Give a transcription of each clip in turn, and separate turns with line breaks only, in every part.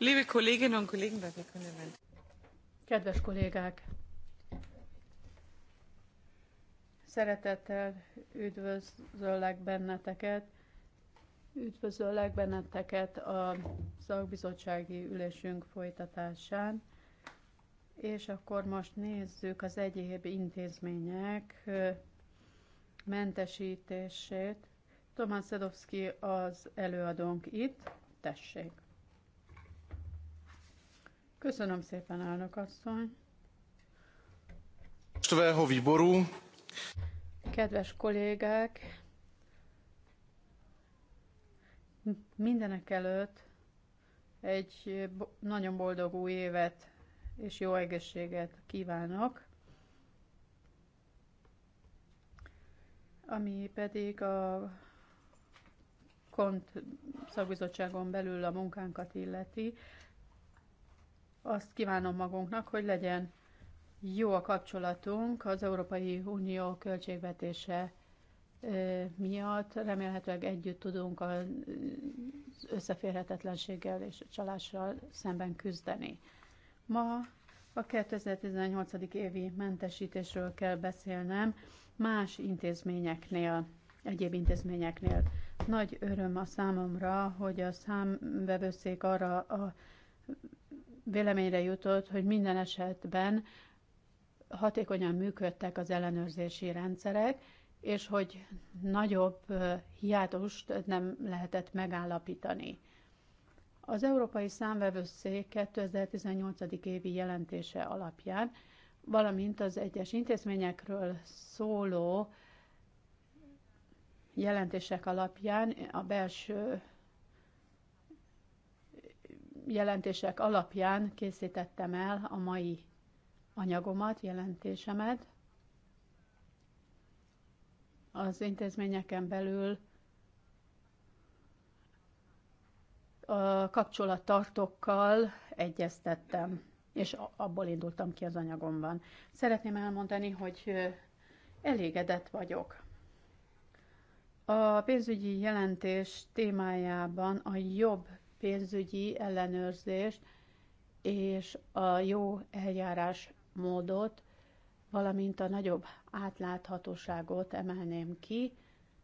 Liebe Kolleginnen und Kollegen, Kedves kollégák! Szeretettel üdvözöllek benneteket, üdvözöllek benneteket a szakbizottsági ülésünk folytatásán, és akkor most nézzük az egyéb intézmények mentesítését. Tomás Szedowski az előadónk itt, tessék! Köszönöm szépen, elnök asszony. výboru. Kedves kollégák, mindenek előtt egy nagyon boldog új évet és jó egészséget kívánok. Ami pedig a kont szakbizottságon belül a munkánkat illeti, azt kívánom magunknak, hogy legyen jó a kapcsolatunk az Európai Unió költségvetése miatt. Remélhetőleg együtt tudunk az összeférhetetlenséggel és csalással szemben küzdeni. Ma a 2018. évi mentesítésről kell beszélnem más intézményeknél, egyéb intézményeknél. Nagy öröm a számomra, hogy a számvevőszék arra a véleményre jutott, hogy minden esetben hatékonyan működtek az ellenőrzési rendszerek, és hogy nagyobb hiátust nem lehetett megállapítani. Az Európai Számvevőszék 2018. évi jelentése alapján, valamint az egyes intézményekről szóló jelentések alapján a belső jelentések alapján készítettem el a mai anyagomat, jelentésemet. Az intézményeken belül a kapcsolattartókkal egyeztettem, és abból indultam ki az anyagomban. Szeretném elmondani, hogy elégedett vagyok. A pénzügyi jelentés témájában a jobb pénzügyi ellenőrzést és a jó eljárás módot, valamint a nagyobb átláthatóságot emelném ki.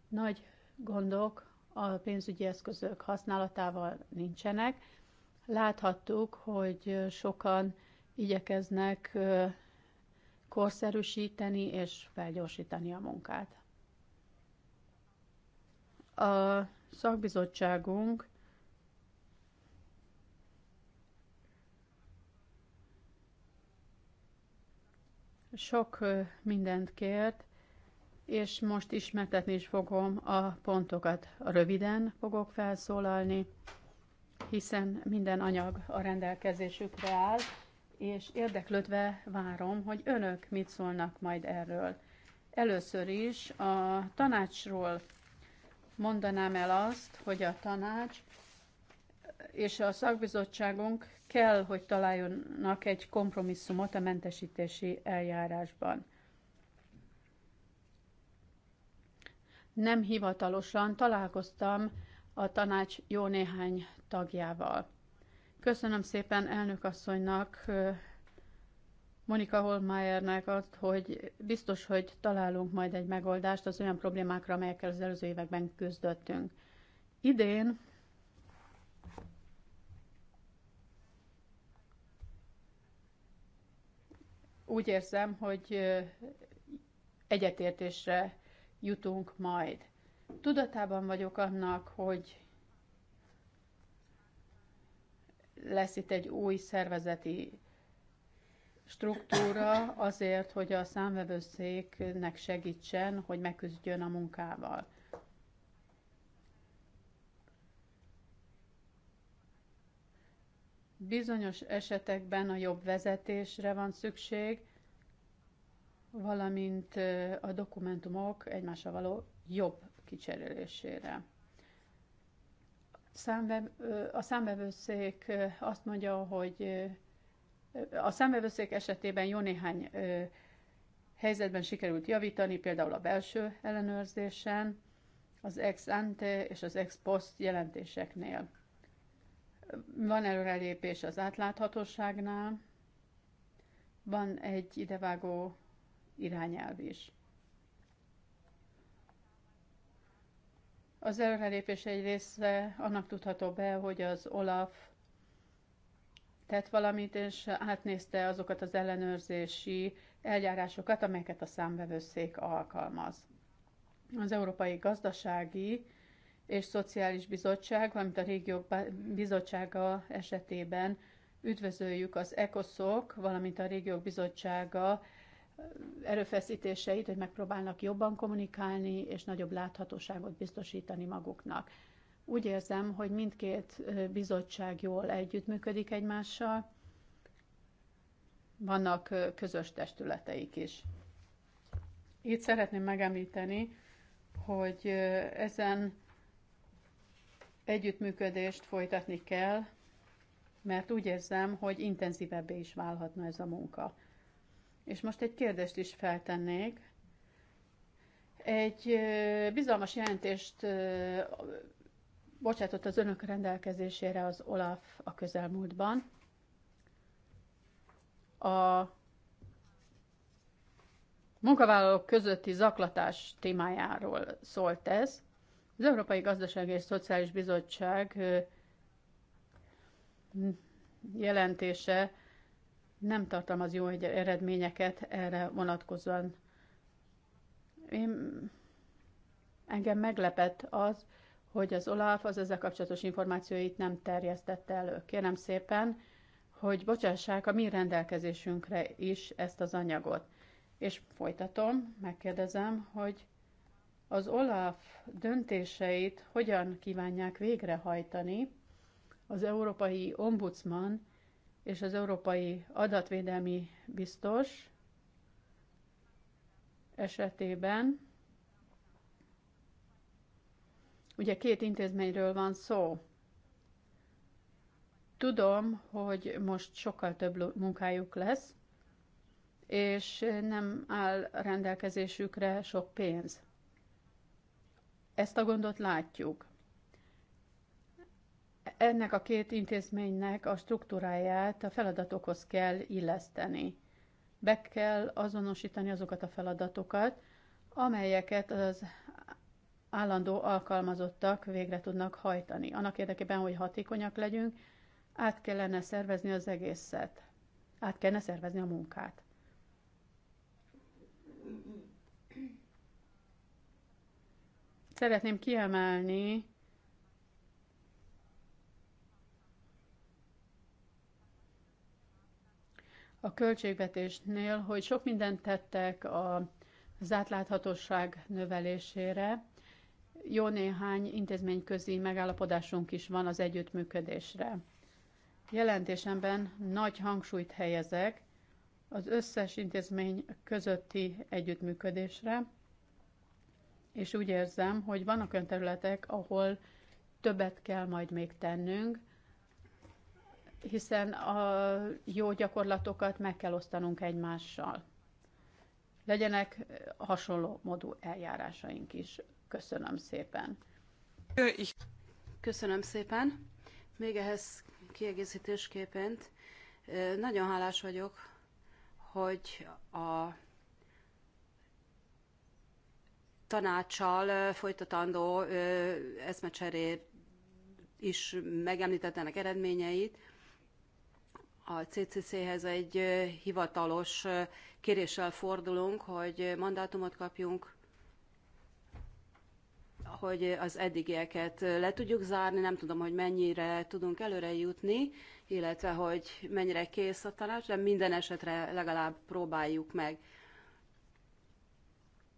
Nagy gondok a pénzügyi eszközök használatával nincsenek. Láthattuk, hogy sokan igyekeznek korszerűsíteni és felgyorsítani a munkát. A szakbizottságunk Sok mindent kért, és most ismertetni is fogom a pontokat. Röviden fogok felszólalni, hiszen minden anyag a rendelkezésükre áll, és érdeklődve várom, hogy önök mit szólnak majd erről. Először is a tanácsról mondanám el azt, hogy a tanács és a szakbizottságunk kell, hogy találjonak egy kompromisszumot a mentesítési eljárásban. Nem hivatalosan találkoztam a tanács jó néhány tagjával. Köszönöm szépen elnök asszonynak, Monika Holmeyernek azt, hogy biztos, hogy találunk majd egy megoldást az olyan problémákra, amelyekkel az előző években küzdöttünk. Idén úgy érzem, hogy egyetértésre jutunk majd. Tudatában vagyok annak, hogy lesz itt egy új szervezeti struktúra azért, hogy a számvevőszéknek segítsen, hogy megküzdjön a munkával. Bizonyos esetekben a jobb vezetésre van szükség, valamint a dokumentumok egymásra való jobb kicserélésére. A számvevőszék azt mondja, hogy a számvevőszék esetében jó néhány helyzetben sikerült javítani, például a belső ellenőrzésen, az ex ante és az ex post jelentéseknél. Van előrelépés az átláthatóságnál, van egy idevágó irányelv is. Az előrelépés egy része annak tudható be, hogy az Olaf tett valamit, és átnézte azokat az ellenőrzési eljárásokat, amelyeket a számvevőszék alkalmaz. Az európai gazdasági és Szociális Bizottság, valamint a Régiók Bizottsága esetében üdvözöljük az ECOSZOK, valamint a Régiók Bizottsága erőfeszítéseit, hogy megpróbálnak jobban kommunikálni és nagyobb láthatóságot biztosítani maguknak. Úgy érzem, hogy mindkét bizottság jól együttműködik egymással, vannak közös testületeik is. Itt szeretném megemlíteni, hogy ezen Együttműködést folytatni kell, mert úgy érzem, hogy intenzívebbé is válhatna ez a munka. És most egy kérdést is feltennék. Egy bizalmas jelentést bocsátott az önök rendelkezésére az OLAF a közelmúltban. A munkavállalók közötti zaklatás témájáról szólt ez. Az Európai Gazdasági és Szociális Bizottság jelentése nem tartalmaz jó eredményeket erre vonatkozóan. Én, engem meglepett az, hogy az OLAF az ezzel kapcsolatos információit nem terjesztette elő. Kérem szépen, hogy bocsássák a mi rendelkezésünkre is ezt az anyagot. És folytatom, megkérdezem, hogy az OLAF döntéseit hogyan kívánják végrehajtani az Európai Ombudsman és az Európai Adatvédelmi Biztos esetében. Ugye két intézményről van szó. Tudom, hogy most sokkal több munkájuk lesz, és nem áll rendelkezésükre sok pénz. Ezt a gondot látjuk. Ennek a két intézménynek a struktúráját a feladatokhoz kell illeszteni. Be kell azonosítani azokat a feladatokat, amelyeket az állandó alkalmazottak végre tudnak hajtani. Annak érdekében, hogy hatékonyak legyünk, át kellene szervezni az egészet. Át kellene szervezni a munkát. Szeretném kiemelni, a költségvetésnél, hogy sok mindent tettek az átláthatóság növelésére. Jó néhány intézményközi megállapodásunk is van az együttműködésre. Jelentésemben nagy hangsúlyt helyezek az összes intézmény közötti együttműködésre, és úgy érzem, hogy vannak olyan területek, ahol többet kell majd még tennünk, hiszen a jó gyakorlatokat meg kell osztanunk egymással. Legyenek hasonló modú eljárásaink is. Köszönöm szépen.
Köszönöm szépen. Még ehhez kiegészítésképpen eh, nagyon hálás vagyok, hogy a tanácsal folytatandó eszmecseré is megemlített ennek eredményeit. A CCC-hez egy hivatalos kéréssel fordulunk, hogy mandátumot kapjunk, hogy az eddigieket le tudjuk zárni, nem tudom, hogy mennyire tudunk előre jutni, illetve hogy mennyire kész a tanács, de minden esetre legalább próbáljuk meg.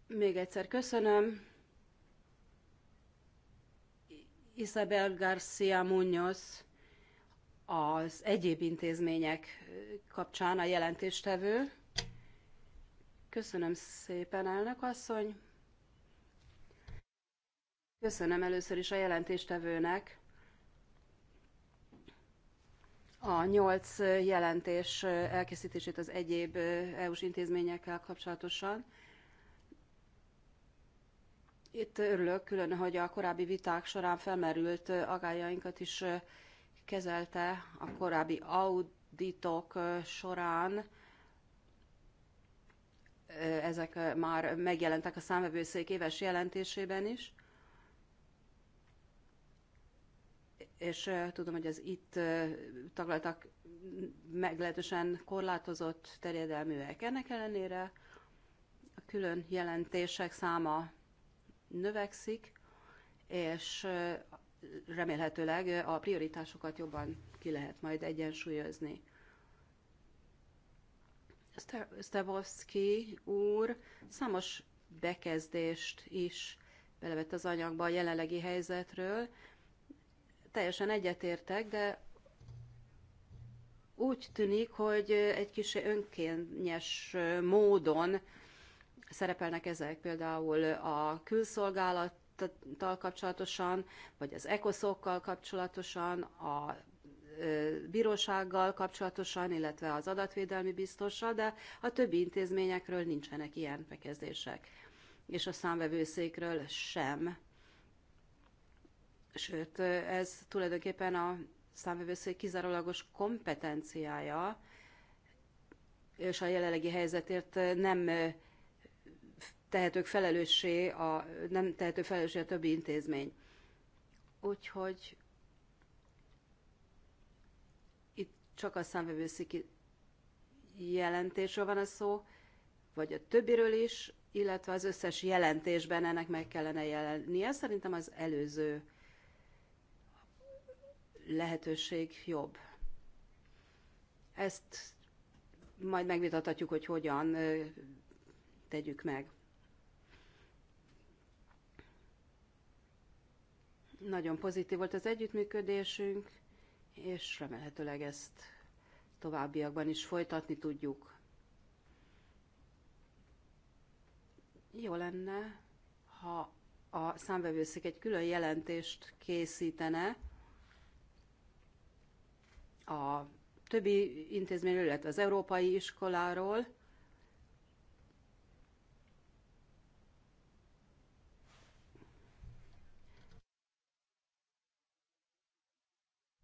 Még egyszer köszönöm. Isabel Garcia Munoz az egyéb intézmények kapcsán a jelentéstevő. Köszönöm szépen, elnök asszony. Köszönöm először is a jelentéstevőnek a nyolc jelentés elkészítését az egyéb EU-s intézményekkel kapcsolatosan. Itt örülök külön, hogy a korábbi viták során felmerült agályainkat is kezelte a korábbi auditok során. Ezek már megjelentek a számvevőszék éves jelentésében is. És tudom, hogy az itt taglaltak meglehetősen korlátozott terjedelműek. Ennek ellenére a külön jelentések száma növekszik, és remélhetőleg a prioritásokat jobban ki lehet majd egyensúlyozni. Stavovski úr számos bekezdést is belevett az anyagba a jelenlegi helyzetről. Teljesen egyetértek, de úgy tűnik, hogy egy kis önkényes módon szerepelnek ezek például a külszolgálattal kapcsolatosan, vagy az ekoszokkal kapcsolatosan, a bírósággal kapcsolatosan, illetve az adatvédelmi biztossal, de a többi intézményekről nincsenek ilyen bekezdések, és a számvevőszékről sem. Sőt, ez tulajdonképpen a számvevőszék kizárólagos kompetenciája, és a jelenlegi helyzetért nem tehetők felelőssé, a, nem tehető felelőssé a többi intézmény. Úgyhogy itt csak a számvevőszéki jelentésről van a szó, vagy a többiről is, illetve az összes jelentésben ennek meg kellene jelennie. Szerintem az előző lehetőség jobb. Ezt majd megvitathatjuk, hogy hogyan tegyük meg. Nagyon pozitív volt az együttműködésünk, és remélhetőleg ezt továbbiakban is folytatni tudjuk. Jó lenne, ha a számvevőszék egy külön jelentést készítene a többi intézményről, illetve az európai iskoláról,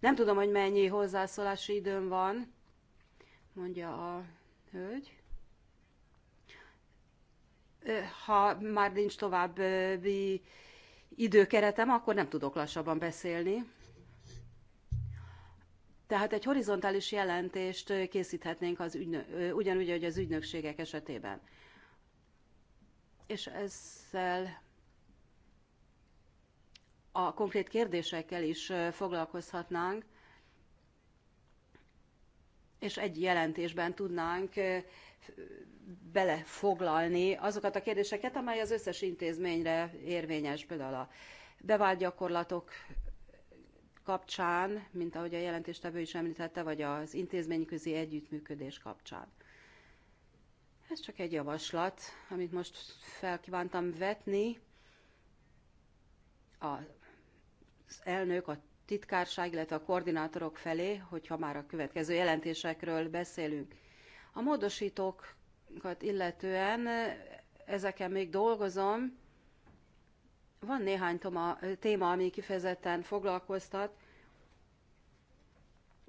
Nem tudom, hogy mennyi hozzászólási időm van, mondja a hölgy. Ha már nincs további időkeretem, akkor nem tudok lassabban beszélni. Tehát egy horizontális jelentést készíthetnénk az ügynö- ugyanúgy, hogy az ügynökségek esetében. És ezzel a konkrét kérdésekkel is foglalkozhatnánk, és egy jelentésben tudnánk belefoglalni azokat a kérdéseket, amely az összes intézményre érvényes, például a bevált gyakorlatok kapcsán, mint ahogy a jelentéstevő is említette, vagy az intézményközi együttműködés kapcsán. Ez csak egy javaslat, amit most felkívántam vetni a elnök, a titkárság, illetve a koordinátorok felé, hogyha már a következő jelentésekről beszélünk. A módosítókat illetően ezeken még dolgozom. Van néhány toma, téma, ami kifejezetten foglalkoztat,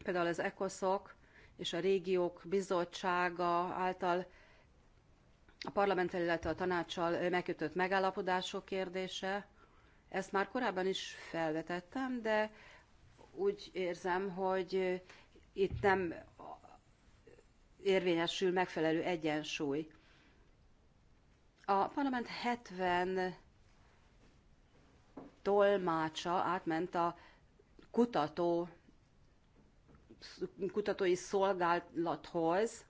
például az ECOSZOK és a Régiók Bizottsága által a parlamenttel, illetve a tanácssal megkötött megállapodások kérdése, ezt már korábban is felvetettem, de úgy érzem, hogy itt nem érvényesül megfelelő egyensúly. A parlament 70 tolmácsa átment a kutató, kutatói szolgálathoz,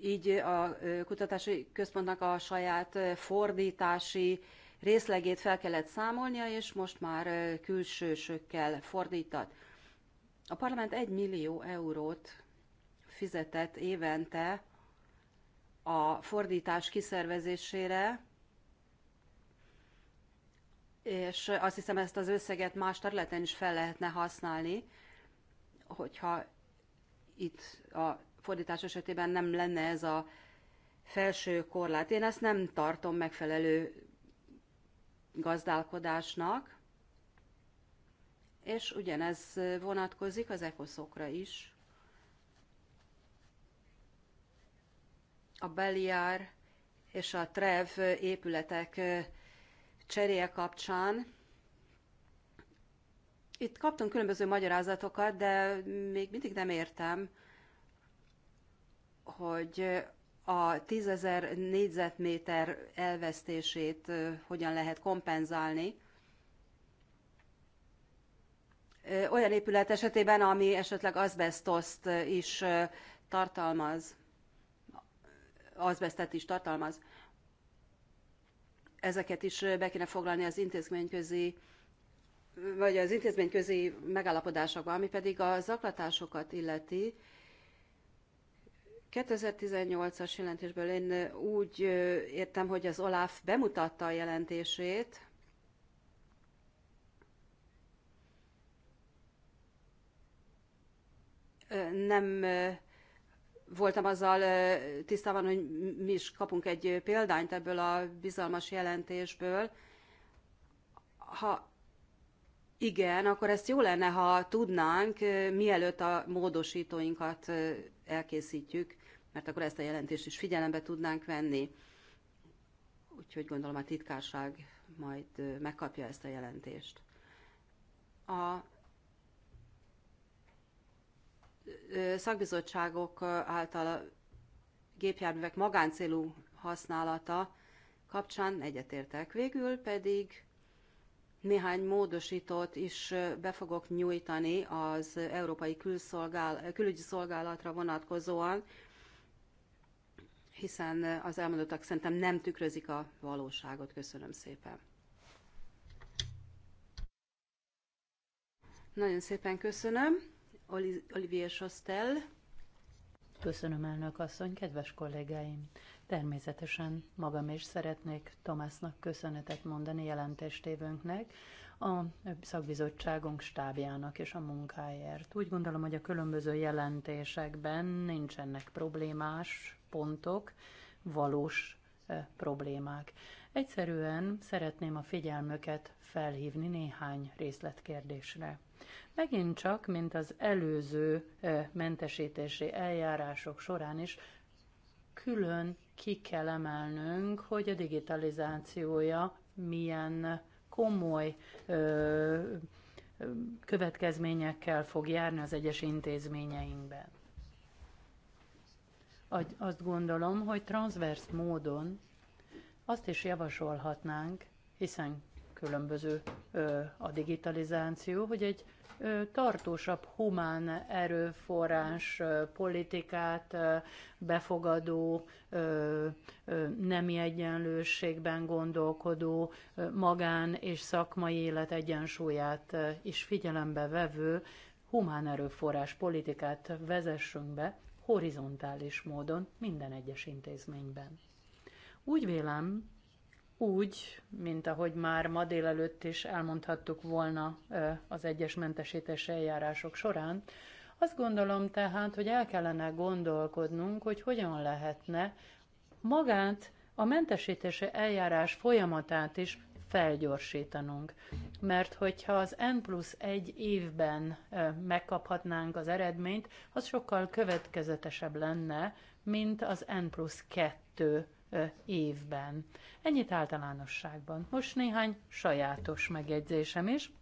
így a kutatási központnak a saját fordítási részlegét fel kellett számolnia, és most már külsősökkel fordítat. A parlament 1 millió eurót fizetett évente a fordítás kiszervezésére, és azt hiszem ezt az összeget más területen is fel lehetne használni, hogyha itt a fordítás esetében nem lenne ez a felső korlát. Én ezt nem tartom megfelelő gazdálkodásnak, és ugyanez vonatkozik az ekoszokra is. A Beliár és a Trev épületek cseréje kapcsán. Itt kaptunk különböző magyarázatokat, de még mindig nem értem, hogy a tízezer négyzetméter elvesztését hogyan lehet kompenzálni. Olyan épület esetében, ami esetleg azbestoszt is tartalmaz, azbestet is tartalmaz, ezeket is be kéne foglalni az intézményközi vagy az intézményközi megállapodásokba, ami pedig a zaklatásokat illeti, 2018-as jelentésből én úgy értem, hogy az OLAF bemutatta a jelentését, nem voltam azzal tisztában, hogy mi is kapunk egy példányt ebből a bizalmas jelentésből. Ha igen, akkor ezt jó lenne, ha tudnánk, mielőtt a módosítóinkat elkészítjük mert akkor ezt a jelentést is figyelembe tudnánk venni. Úgyhogy gondolom a titkárság majd megkapja ezt a jelentést. A szakbizottságok által a gépjárművek magáncélú használata kapcsán egyetértek. Végül pedig néhány módosítót is be fogok nyújtani az Európai Külszolgál, Külügyi Szolgálatra vonatkozóan, hiszen az elmondottak szerintem nem tükrözik a valóságot. Köszönöm szépen. Nagyon szépen köszönöm. Olivier Sostel.
Köszönöm, elnök asszony, kedves kollégáim! Természetesen magam is szeretnék Tomásnak köszönetet mondani jelentéstévőnknek, a szakbizottságunk stábjának és a munkáért. Úgy gondolom, hogy a különböző jelentésekben nincsenek problémás pontok valós eh, problémák. Egyszerűen szeretném a figyelmöket felhívni néhány részletkérdésre. Megint csak, mint az előző eh, mentesítési eljárások során is, külön ki kell emelnünk, hogy a digitalizációja milyen komoly ö, következményekkel fog járni az egyes intézményeinkben azt gondolom, hogy transzvers módon azt is javasolhatnánk, hiszen különböző a digitalizáció, hogy egy tartósabb humán erőforrás politikát befogadó, nemi egyenlőségben gondolkodó, magán és szakmai élet egyensúlyát is figyelembe vevő humán erőforrás politikát vezessünk be, horizontális módon minden egyes intézményben. Úgy vélem, úgy, mint ahogy már ma délelőtt is elmondhattuk volna az egyes mentesítési eljárások során, azt gondolom tehát, hogy el kellene gondolkodnunk, hogy hogyan lehetne magát a mentesítési eljárás folyamatát is felgyorsítanunk. Mert hogyha az N plusz egy évben megkaphatnánk az eredményt, az sokkal következetesebb lenne, mint az N plusz kettő évben. Ennyit általánosságban. Most néhány sajátos megjegyzésem is.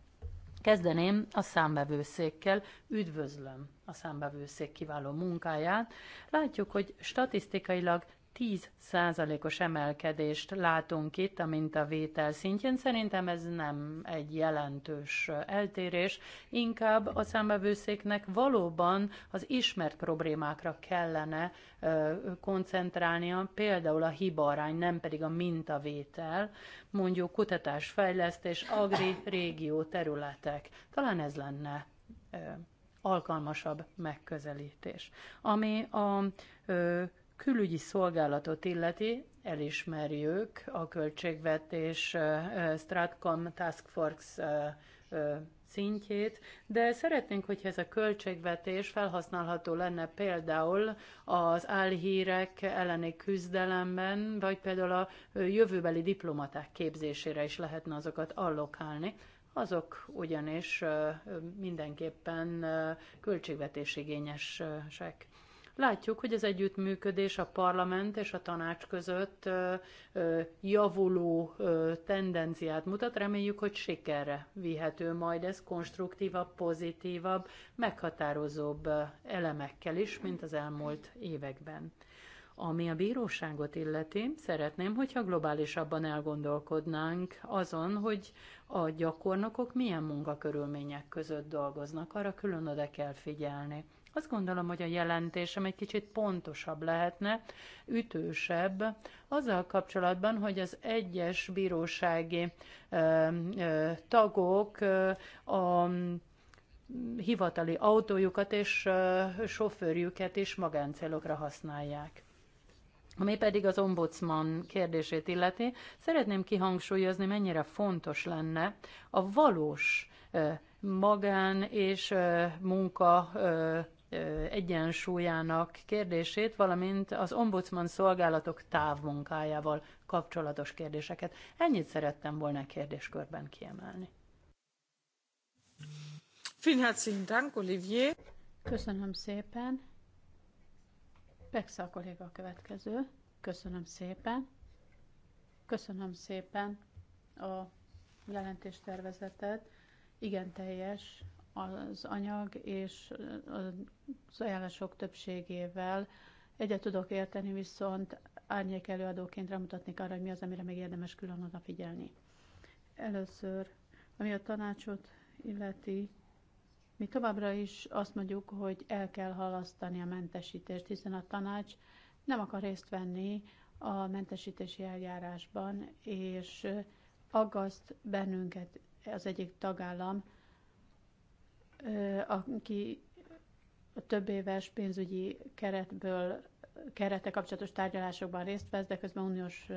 Kezdeném a számbevőszékkel. Üdvözlöm a számbevőszék kiváló munkáját. Látjuk, hogy statisztikailag 10%-os emelkedést látunk itt, a mintavétel szintjén. Szerintem ez nem egy jelentős eltérés, inkább a számbevőszéknek valóban az ismert problémákra kellene ö, koncentrálnia, például a arány, nem pedig a mintavétel, mondjuk kutatásfejlesztés, agri, régió, területek. Talán ez lenne ö, alkalmasabb megközelítés. Ami a ö, külügyi szolgálatot illeti, elismerjük a költségvetés Stratcom Task Force szintjét, de szeretnénk, hogyha ez a költségvetés felhasználható lenne például az álhírek elleni küzdelemben, vagy például a jövőbeli diplomaták képzésére is lehetne azokat allokálni. Azok ugyanis mindenképpen költségvetésigényesek. Látjuk, hogy az együttműködés a parlament és a tanács között javuló tendenciát mutat. Reméljük, hogy sikerre vihető majd ez konstruktívabb, pozitívabb, meghatározóbb elemekkel is, mint az elmúlt években. Ami a bíróságot illeti, szeretném, hogyha globálisabban elgondolkodnánk azon, hogy a gyakornokok milyen munkakörülmények között dolgoznak, arra külön oda kell figyelni. Azt gondolom, hogy a jelentésem egy kicsit pontosabb lehetne, ütősebb, azzal kapcsolatban, hogy az egyes bírósági ö, ö, tagok ö, a hivatali autójukat és ö, sofőrjüket is magáncélokra használják. Ami pedig az ombudsman kérdését illeti, szeretném kihangsúlyozni, mennyire fontos lenne a valós magán és munka egyensúlyának kérdését, valamint az ombudsman szolgálatok távmunkájával kapcsolatos kérdéseket. Ennyit szerettem volna kérdéskörben kiemelni.
Köszönöm szépen. Pexa kolléga a következő. Köszönöm szépen. Köszönöm szépen a jelentéstervezetet. Igen teljes az anyag és az ajánlások többségével. Egyet tudok érteni, viszont árnyék előadóként rámutatnék arra, hogy mi az, amire még érdemes külön odafigyelni. Először, ami a tanácsot illeti, mi továbbra is azt mondjuk, hogy el kell halasztani a mentesítést, hiszen a tanács nem akar részt venni a mentesítési eljárásban, és aggaszt bennünket az egyik tagállam, aki a több éves pénzügyi keretből, kerete kapcsolatos tárgyalásokban részt vesz, de közben uniós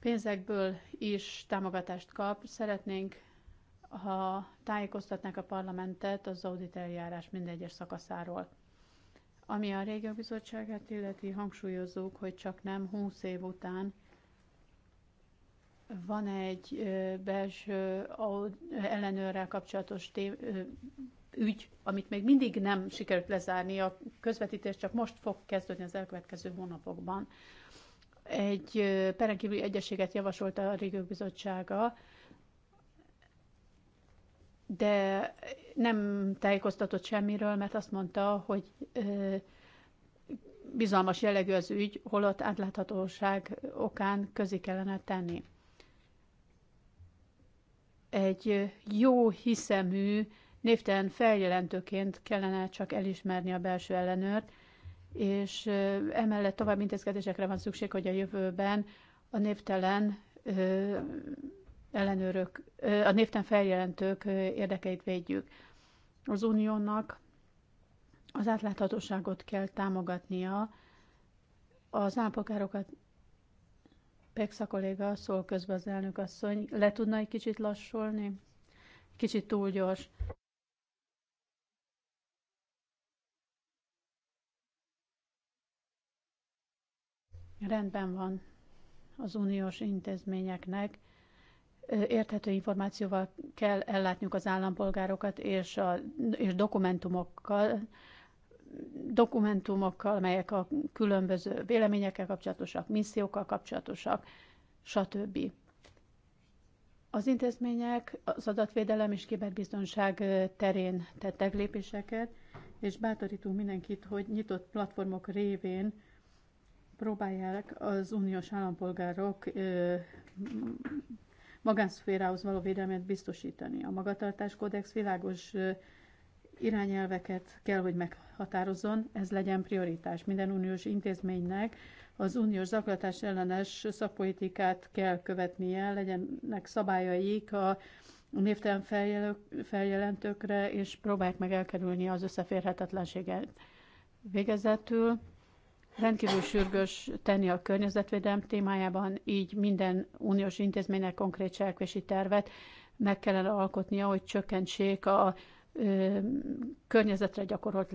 pénzekből is támogatást kap. Szeretnénk, ha tájékoztatnák a parlamentet az audit eljárás minden egyes szakaszáról. Ami a régió bizottságát illeti, hangsúlyozzuk, hogy csak nem 20 év után van egy belső ellenőrrel kapcsolatos ügy, amit még mindig nem sikerült lezárni, a közvetítés csak most fog kezdődni az elkövetkező hónapokban. Egy perenkívüli egyességet javasolt a Régiók Bizottsága, de nem tájékoztatott semmiről, mert azt mondta, hogy bizalmas jellegű az ügy, holott átláthatóság okán közé kellene tenni egy jó hiszemű, névtelen feljelentőként kellene csak elismerni a belső ellenőrt, és emellett tovább intézkedésekre van szükség, hogy a jövőben a névtelen ellenőrök, a névtelen feljelentők érdekeit védjük. Az uniónak az átláthatóságot kell támogatnia, az állapokárokat Pexa kolléga, szól közben az elnök asszony, le tudna egy kicsit lassulni? Kicsit túl gyors. Rendben van az uniós intézményeknek. Érthető információval kell ellátniuk az állampolgárokat és, a, és dokumentumokkal, dokumentumokkal, melyek a különböző véleményekkel kapcsolatosak, missziókkal kapcsolatosak, stb. Az intézmények az adatvédelem és kiberbiztonság terén tettek lépéseket, és bátorítunk mindenkit, hogy nyitott platformok révén próbálják az uniós állampolgárok magánszférához való védelmet biztosítani. A magatartás kódex világos irányelveket kell, hogy meghatározzon, ez legyen prioritás. Minden uniós intézménynek az uniós zaklatás ellenes szakpolitikát kell követnie, legyenek szabályaik a névtelen feljelentőkre, és próbálják meg elkerülni az összeférhetetlenséget. Végezetül rendkívül sürgős tenni a környezetvédelem témájában, így minden uniós intézménynek konkrét cselekvési tervet meg kellene alkotnia, hogy csökkentsék a környezetre gyakorolt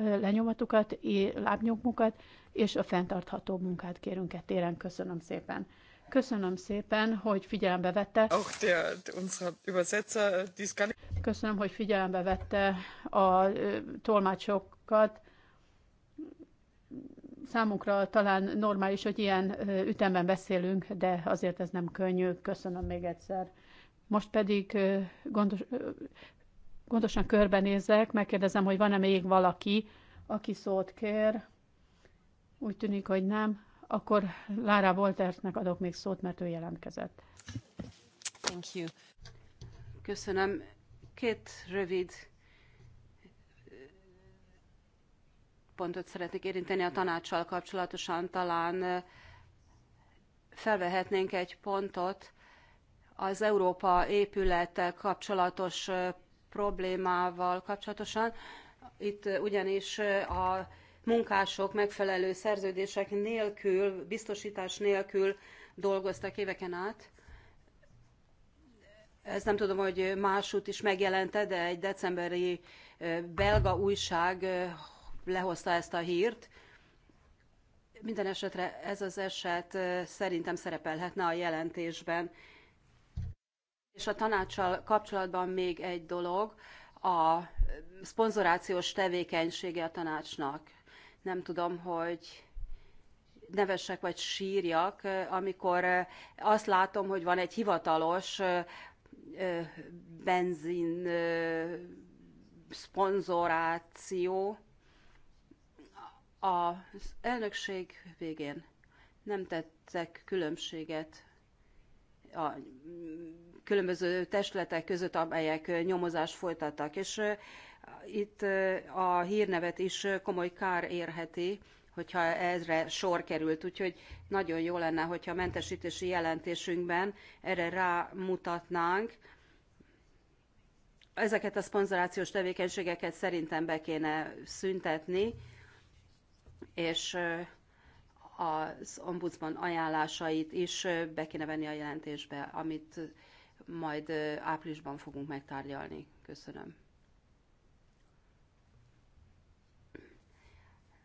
lenyomatukat, lábnyomukat, és a fenntartható munkát kérünk e téren. Köszönöm szépen. Köszönöm szépen, hogy figyelembe vette. Auch der, unser äh, Köszönöm, hogy figyelembe vette a tolmácsokat. Számunkra talán normális, hogy ilyen ütemben beszélünk, de azért ez nem könnyű. Köszönöm még egyszer. Most pedig gondos, gondosan körbenézek, megkérdezem, hogy van-e még valaki, aki szót kér. Úgy tűnik, hogy nem. Akkor Lára Voltertnek adok még szót, mert ő jelentkezett.
Thank you.
Köszönöm. Két rövid eh, pontot szeretnék érinteni a tanácssal kapcsolatosan. Talán eh, felvehetnénk egy pontot az Európa épülettel kapcsolatos eh, problémával kapcsolatosan. Itt ugyanis a munkások megfelelő szerződések nélkül, biztosítás nélkül dolgoztak éveken át. Ez nem tudom, hogy másút is megjelente, de egy decemberi eh, belga újság eh, lehozta ezt a hírt. Minden esetre ez az eset eh, szerintem szerepelhetne a jelentésben, és a tanácssal kapcsolatban még egy dolog, a szponzorációs tevékenysége a tanácsnak. Nem tudom, hogy nevesek vagy sírjak, amikor azt látom, hogy van egy hivatalos benzin szponzoráció az elnökség végén. Nem tettek különbséget a különböző testületek között, amelyek nyomozást folytattak. És itt a hírnevet is komoly kár érheti, hogyha ezre sor került. Úgyhogy nagyon jó lenne, hogyha a mentesítési jelentésünkben erre rámutatnánk. Ezeket a szponzorációs tevékenységeket szerintem be kéne szüntetni, és az ombudsman ajánlásait is be kéne venni a jelentésbe, amit majd áprilisban fogunk megtárgyalni. Köszönöm.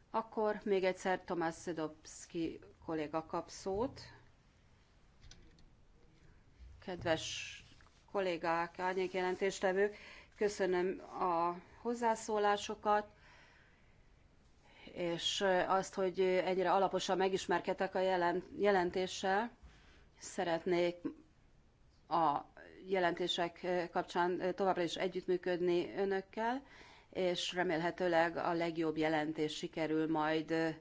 Akkor még egyszer Tomás Szedobszki kolléga kap szót. Kedves kollégák, árnyékjelentéstevők, köszönöm a hozzászólásokat, és azt, hogy egyre alaposan megismerkedtek a jelentéssel. Szeretnék a jelentések kapcsán továbbra is együttműködni önökkel, és remélhetőleg a legjobb jelentés sikerül majd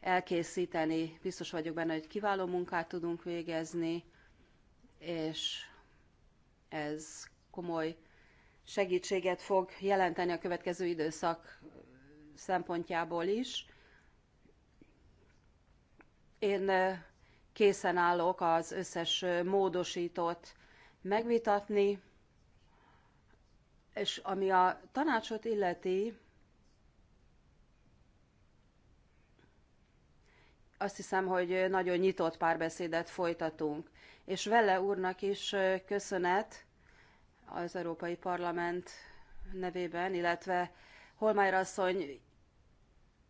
elkészíteni. Biztos vagyok benne, hogy kiváló munkát tudunk végezni, és ez komoly segítséget fog jelenteni a következő időszak szempontjából is. Én készen állok az összes módosított megvitatni, és ami a tanácsot illeti, azt hiszem, hogy nagyon nyitott párbeszédet folytatunk. És vele úrnak is köszönet az Európai Parlament nevében, illetve Holmájra asszony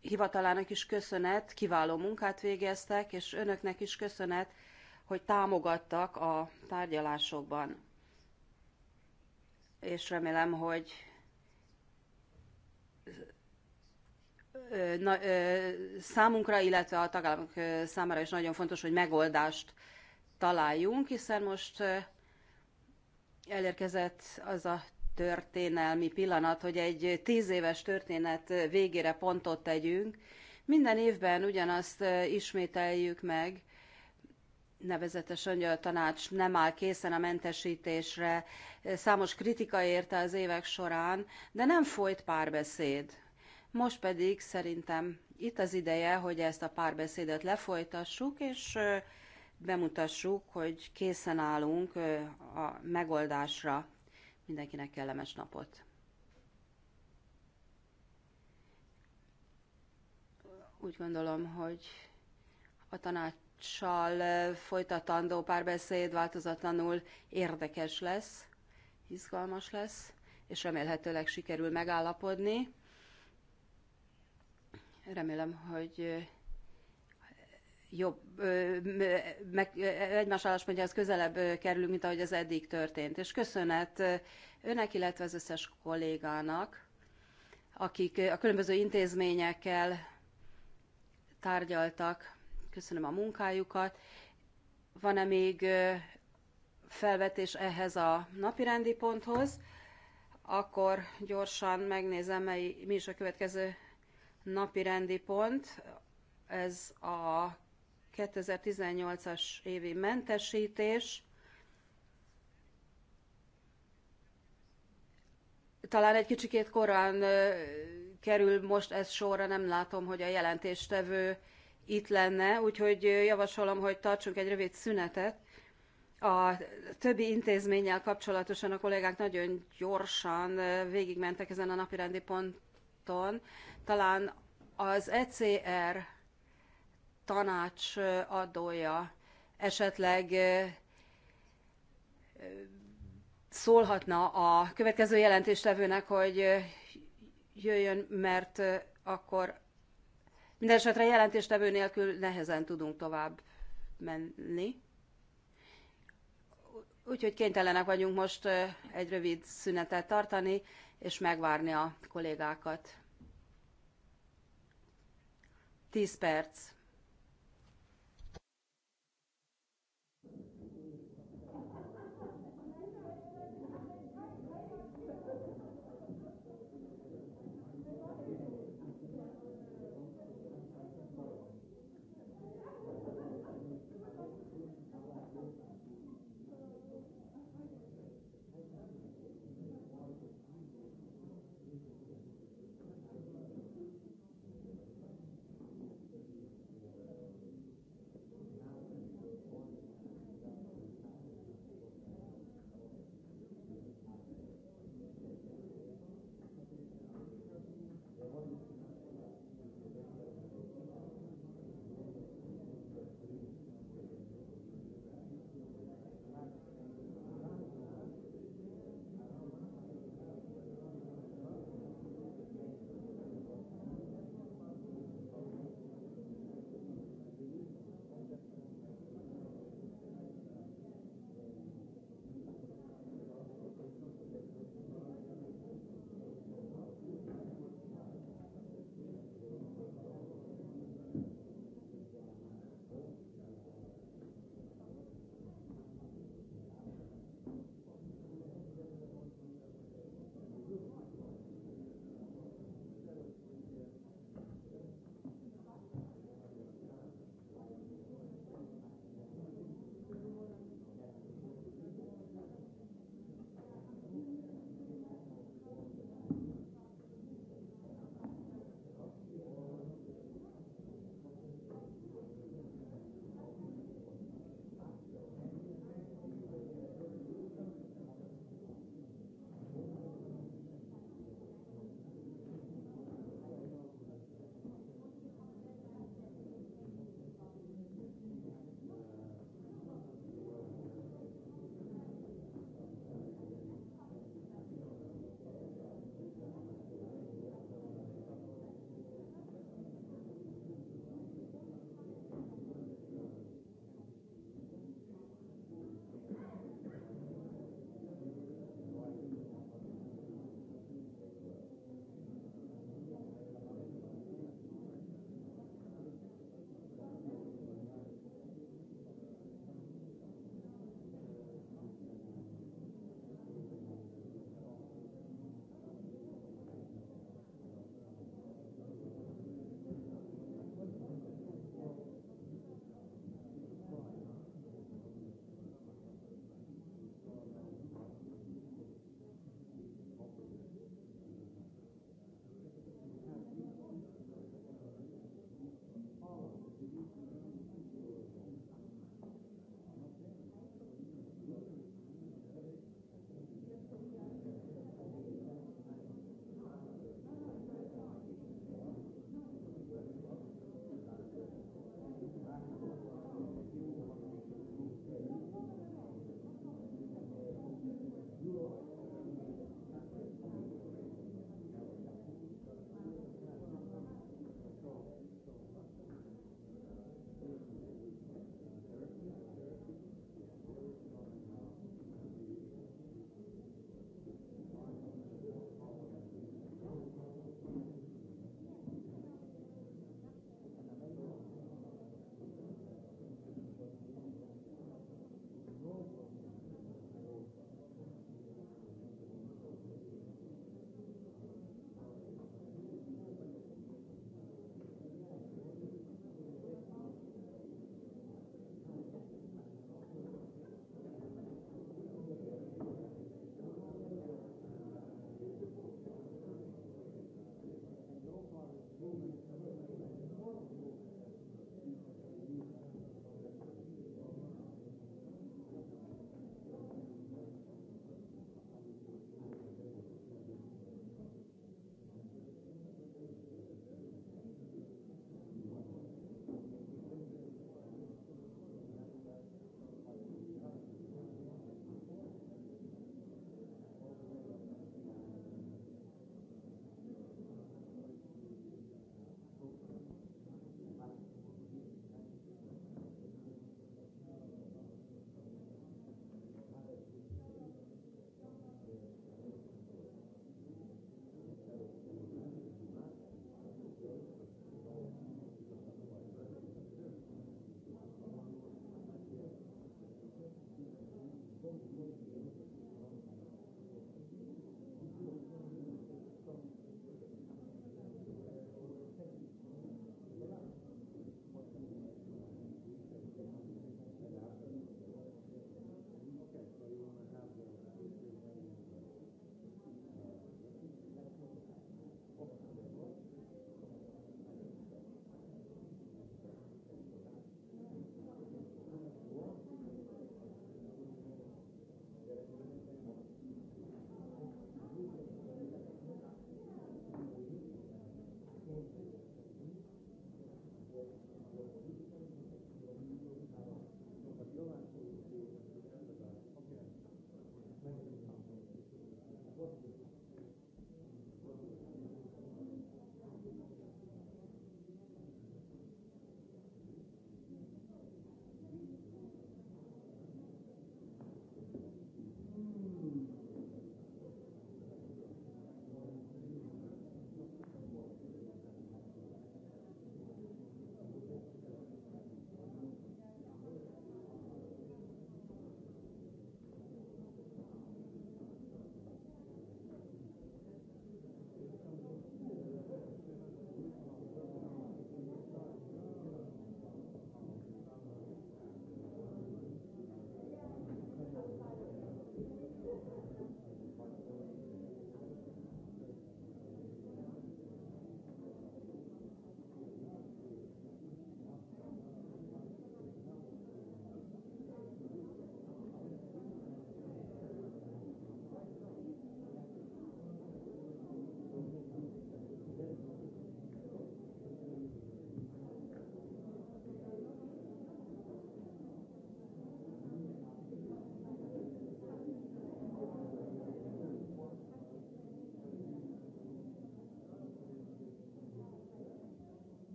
hivatalának is köszönet, kiváló munkát végeztek, és önöknek is köszönet, hogy támogattak a tárgyalásokban. És remélem, hogy na, számunkra, illetve a tagállamok számára is nagyon fontos, hogy megoldást találjunk, hiszen most elérkezett az a történelmi pillanat, hogy egy tíz éves történet végére pontot tegyünk. Minden évben ugyanazt ismételjük meg, nevezetesen, hogy a tanács nem áll készen a mentesítésre, számos kritika érte az évek során, de nem folyt párbeszéd. Most pedig szerintem itt az ideje, hogy ezt a párbeszédet lefolytassuk, és bemutassuk, hogy készen állunk a megoldásra. Mindenkinek kellemes napot! Úgy gondolom, hogy a tanács tanácssal folytatandó párbeszéd változatlanul érdekes lesz, izgalmas lesz, és remélhetőleg sikerül megállapodni. Remélem, hogy jobb, meg, egymás álláspontjához közelebb kerülünk, mint ahogy az eddig történt. És köszönet önnek, illetve az összes kollégának, akik a különböző intézményekkel tárgyaltak, köszönöm a munkájukat. Van-e még felvetés ehhez a napirendi ponthoz? Akkor gyorsan megnézem, mely, mi is a következő napirendi pont. Ez a 2018-as évi mentesítés. Talán egy kicsikét korán kerül most ez sorra, nem látom, hogy a jelentéstevő itt lenne, úgyhogy javasolom, hogy tartsunk egy rövid szünetet. A többi intézménnyel kapcsolatosan a kollégák nagyon gyorsan végigmentek ezen a napirendi ponton. Talán az ECR tanács adója esetleg szólhatna a következő jelentéstevőnek, hogy jöjjön, mert akkor Mindenesetre jelentéstevő nélkül nehezen tudunk tovább menni. Úgyhogy kénytelenek vagyunk most egy rövid szünetet tartani, és megvárni a kollégákat. 10 perc.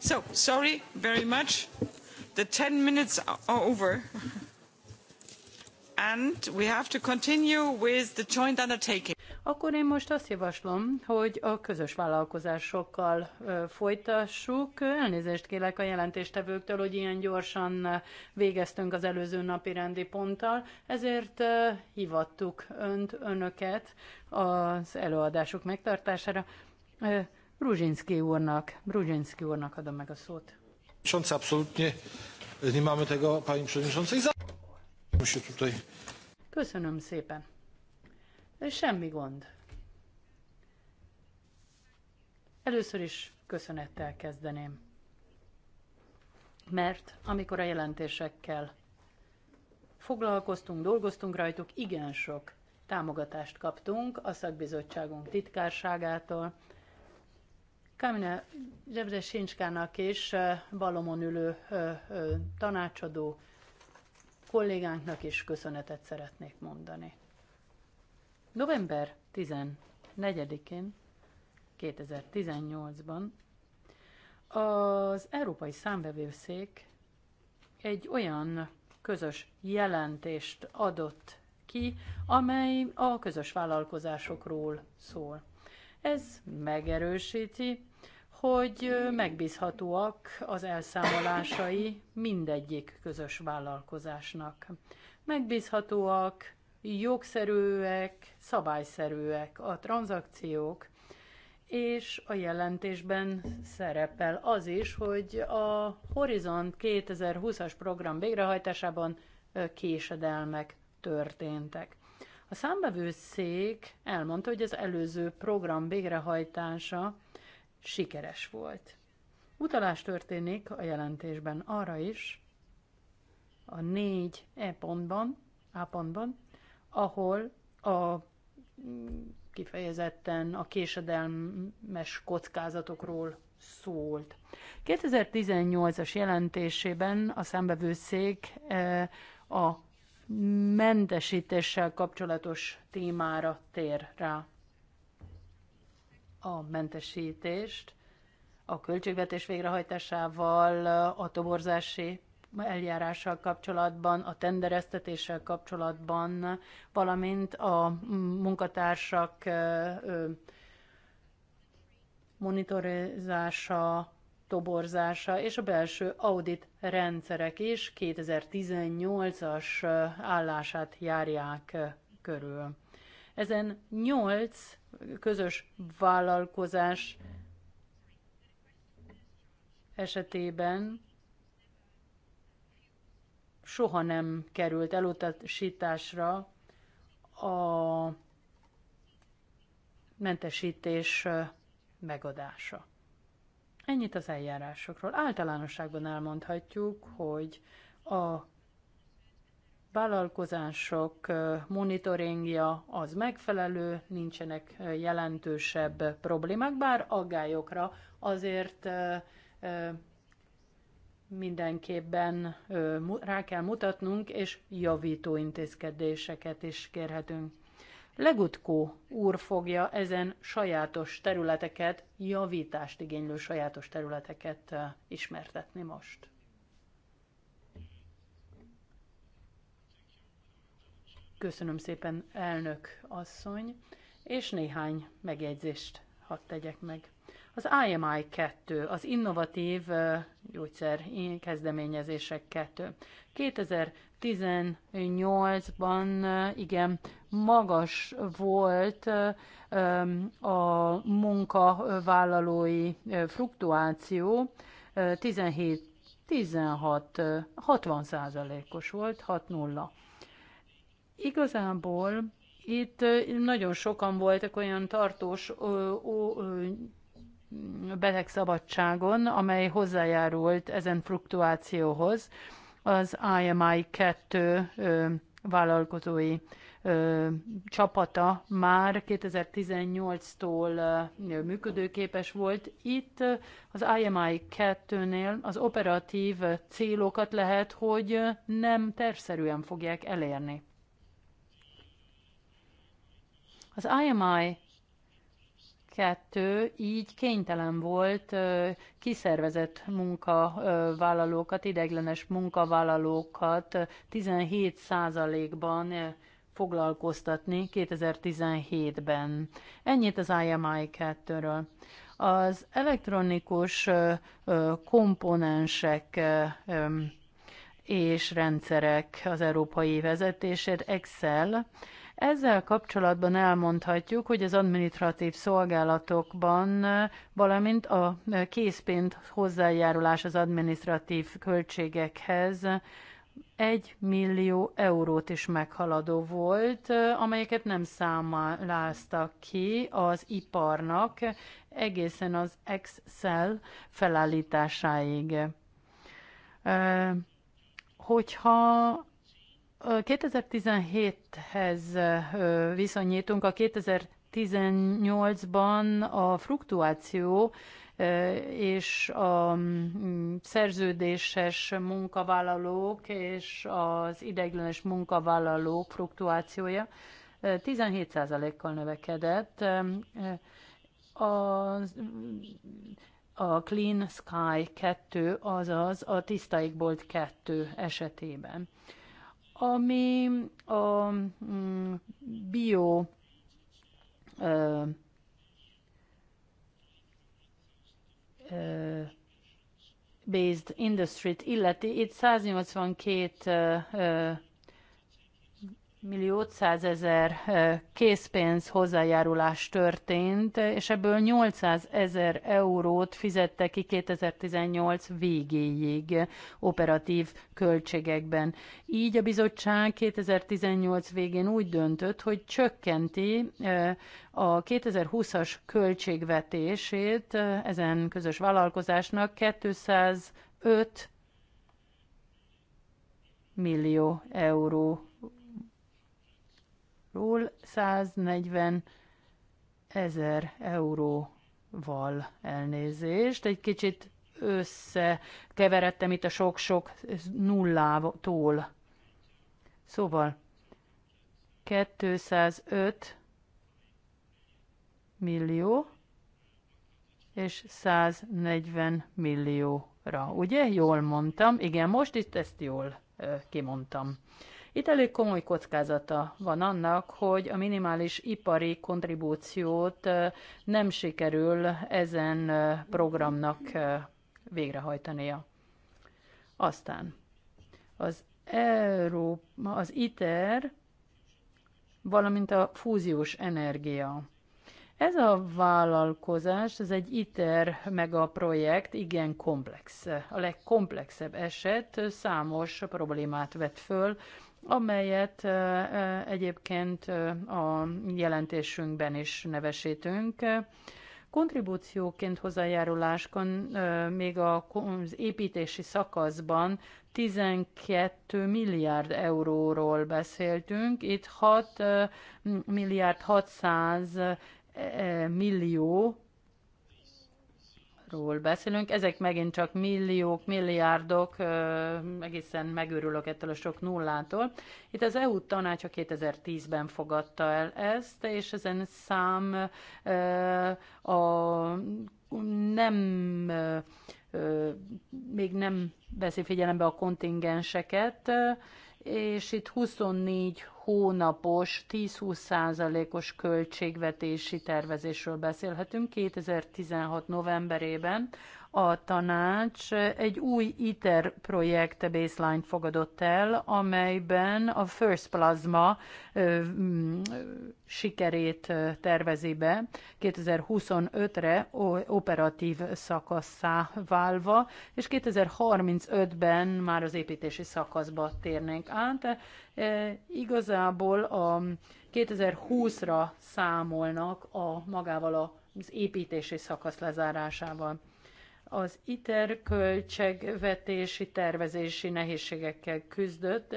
So, sorry very much. The 10 minutes are over. And we have to continue with the joint undertaking. Akkor én most azt javaslom, hogy a közös vállalkozásokkal folytassuk. Elnézést kérek a jelentéstevőktől, hogy ilyen gyorsan végeztünk az előző napi rendi ponttal, ezért hivattuk önt, önöket az előadások megtartására. Bruzsinszki úrnak, Bruzsinszki úrnak adom meg a szót.
Abszolútnie nem mamy tego, pani przewodniczącej, za... tutaj...
Köszönöm szépen. Semmi gond. Először is köszönettel kezdeném. Mert amikor a jelentésekkel foglalkoztunk, dolgoztunk rajtuk, igen sok támogatást kaptunk a szakbizottságunk titkárságától, Kamina Zsebzesincskának és balomon ülő tanácsadó kollégánknak is köszönetet szeretnék mondani. November 14-én 2018-ban az Európai Számbevőszék egy olyan közös jelentést adott ki, amely a közös vállalkozásokról szól. Ez megerősíti hogy megbízhatóak az elszámolásai mindegyik közös vállalkozásnak. Megbízhatóak, jogszerűek, szabályszerűek a tranzakciók, és a jelentésben szerepel az is, hogy a Horizont 2020-as program végrehajtásában késedelmek történtek. A számbevőszék elmondta, hogy az előző program végrehajtása sikeres volt. Utalás történik a jelentésben arra is, a négy E pontban, A pontban, ahol a kifejezetten a késedelmes kockázatokról szólt. 2018-as jelentésében a számbevőszék e, a mentesítéssel kapcsolatos témára tér rá a mentesítést a költségvetés végrehajtásával, a toborzási eljárással kapcsolatban, a tendereztetéssel kapcsolatban, valamint a munkatársak monitorizása, toborzása és a belső audit rendszerek is 2018-as állását járják körül. Ezen 8 közös vállalkozás esetében soha nem került elutasításra a mentesítés megadása. Ennyit az eljárásokról. Általánosságban elmondhatjuk, hogy a vállalkozások monitoringja az megfelelő, nincsenek jelentősebb problémák, bár aggályokra azért mindenképpen rá kell mutatnunk, és javító intézkedéseket is kérhetünk. Legutkó úr fogja ezen sajátos területeket, javítást igénylő sajátos területeket ismertetni most. Köszönöm szépen, elnök asszony, és néhány megjegyzést hadd tegyek meg. Az IMI 2, az innovatív gyógyszer kezdeményezések 2. 2018-ban igen magas volt a munkavállalói fluktuáció, 17 16 60 százalékos volt, 6 0 Igazából itt nagyon sokan voltak olyan tartós ö, ö, betegszabadságon, amely hozzájárult ezen fluktuációhoz. Az IMI 2 ö, vállalkozói ö, csapata már 2018-tól ö, működőképes volt. Itt az IMI 2-nél az operatív célokat lehet, hogy nem terszerűen fogják elérni. Az IMI 2 így kénytelen volt kiszervezett munkavállalókat, ideiglenes munkavállalókat 17%-ban foglalkoztatni 2017-ben. Ennyit az IMI 2-ről. Az elektronikus komponensek és rendszerek az európai vezetését Excel ezzel kapcsolatban elmondhatjuk, hogy az administratív szolgálatokban, valamint a készpént hozzájárulás az administratív költségekhez 1 millió eurót is meghaladó volt, amelyeket nem számláztak ki az iparnak egészen az Excel felállításáig. Hogyha 2017-hez viszonyítunk, a 2018-ban a fluktuáció és a mm, szerződéses munkavállalók és az ideiglenes munkavállalók fluktuációja 17%-kal növekedett. A, a Clean Sky 2, azaz a Tisztaikbolt 2 esetében ami a mm, bio ö, ö, based industry-t illeti, itt 182 ö, millió 500 ezer készpénz hozzájárulás történt, és ebből 800 ezer eurót fizette ki 2018 végéig operatív költségekben. Így a bizottság 2018 végén úgy döntött, hogy csökkenti a 2020-as költségvetését ezen közös vállalkozásnak 205 millió euró ról 140 ezer euróval elnézést. Egy kicsit összekeveredtem itt a sok-sok nullától. Szóval 205 millió és 140 millióra. Ugye? Jól mondtam. Igen, most itt ezt jól kimondtam. Itt elég komoly kockázata van annak, hogy a minimális ipari kontribúciót nem sikerül ezen programnak végrehajtania. Aztán az Európa, az ITER, valamint a fúziós energia. Ez a vállalkozás, ez egy ITER meg a projekt igen komplex. A legkomplexebb eset számos problémát vet föl, amelyet egyébként a jelentésünkben is nevesítünk. Kontribúcióként hozzájáruláskon, még az építési szakaszban 12 milliárd euróról beszéltünk, itt 6 milliárd 600 e, e, millió ról beszélünk. Ezek megint csak milliók, milliárdok, egészen megőrülök ettől a sok nullától. Itt az EU tanácsa 2010-ben fogadta el ezt, és ezen szám a nem még nem veszi figyelembe a kontingenseket, és itt 24 hónapos 10-20 százalékos költségvetési tervezésről beszélhetünk 2016 novemberében, a tanács egy új ITER projekt baseline fogadott el, amelyben a First Plasma ö, sikerét tervezi be 2025-re operatív szakaszá válva, és 2035-ben már az építési szakaszba térnénk át. E, igazából a 2020-ra számolnak a magával az építési szakasz lezárásával az ITER költségvetési tervezési nehézségekkel küzdött,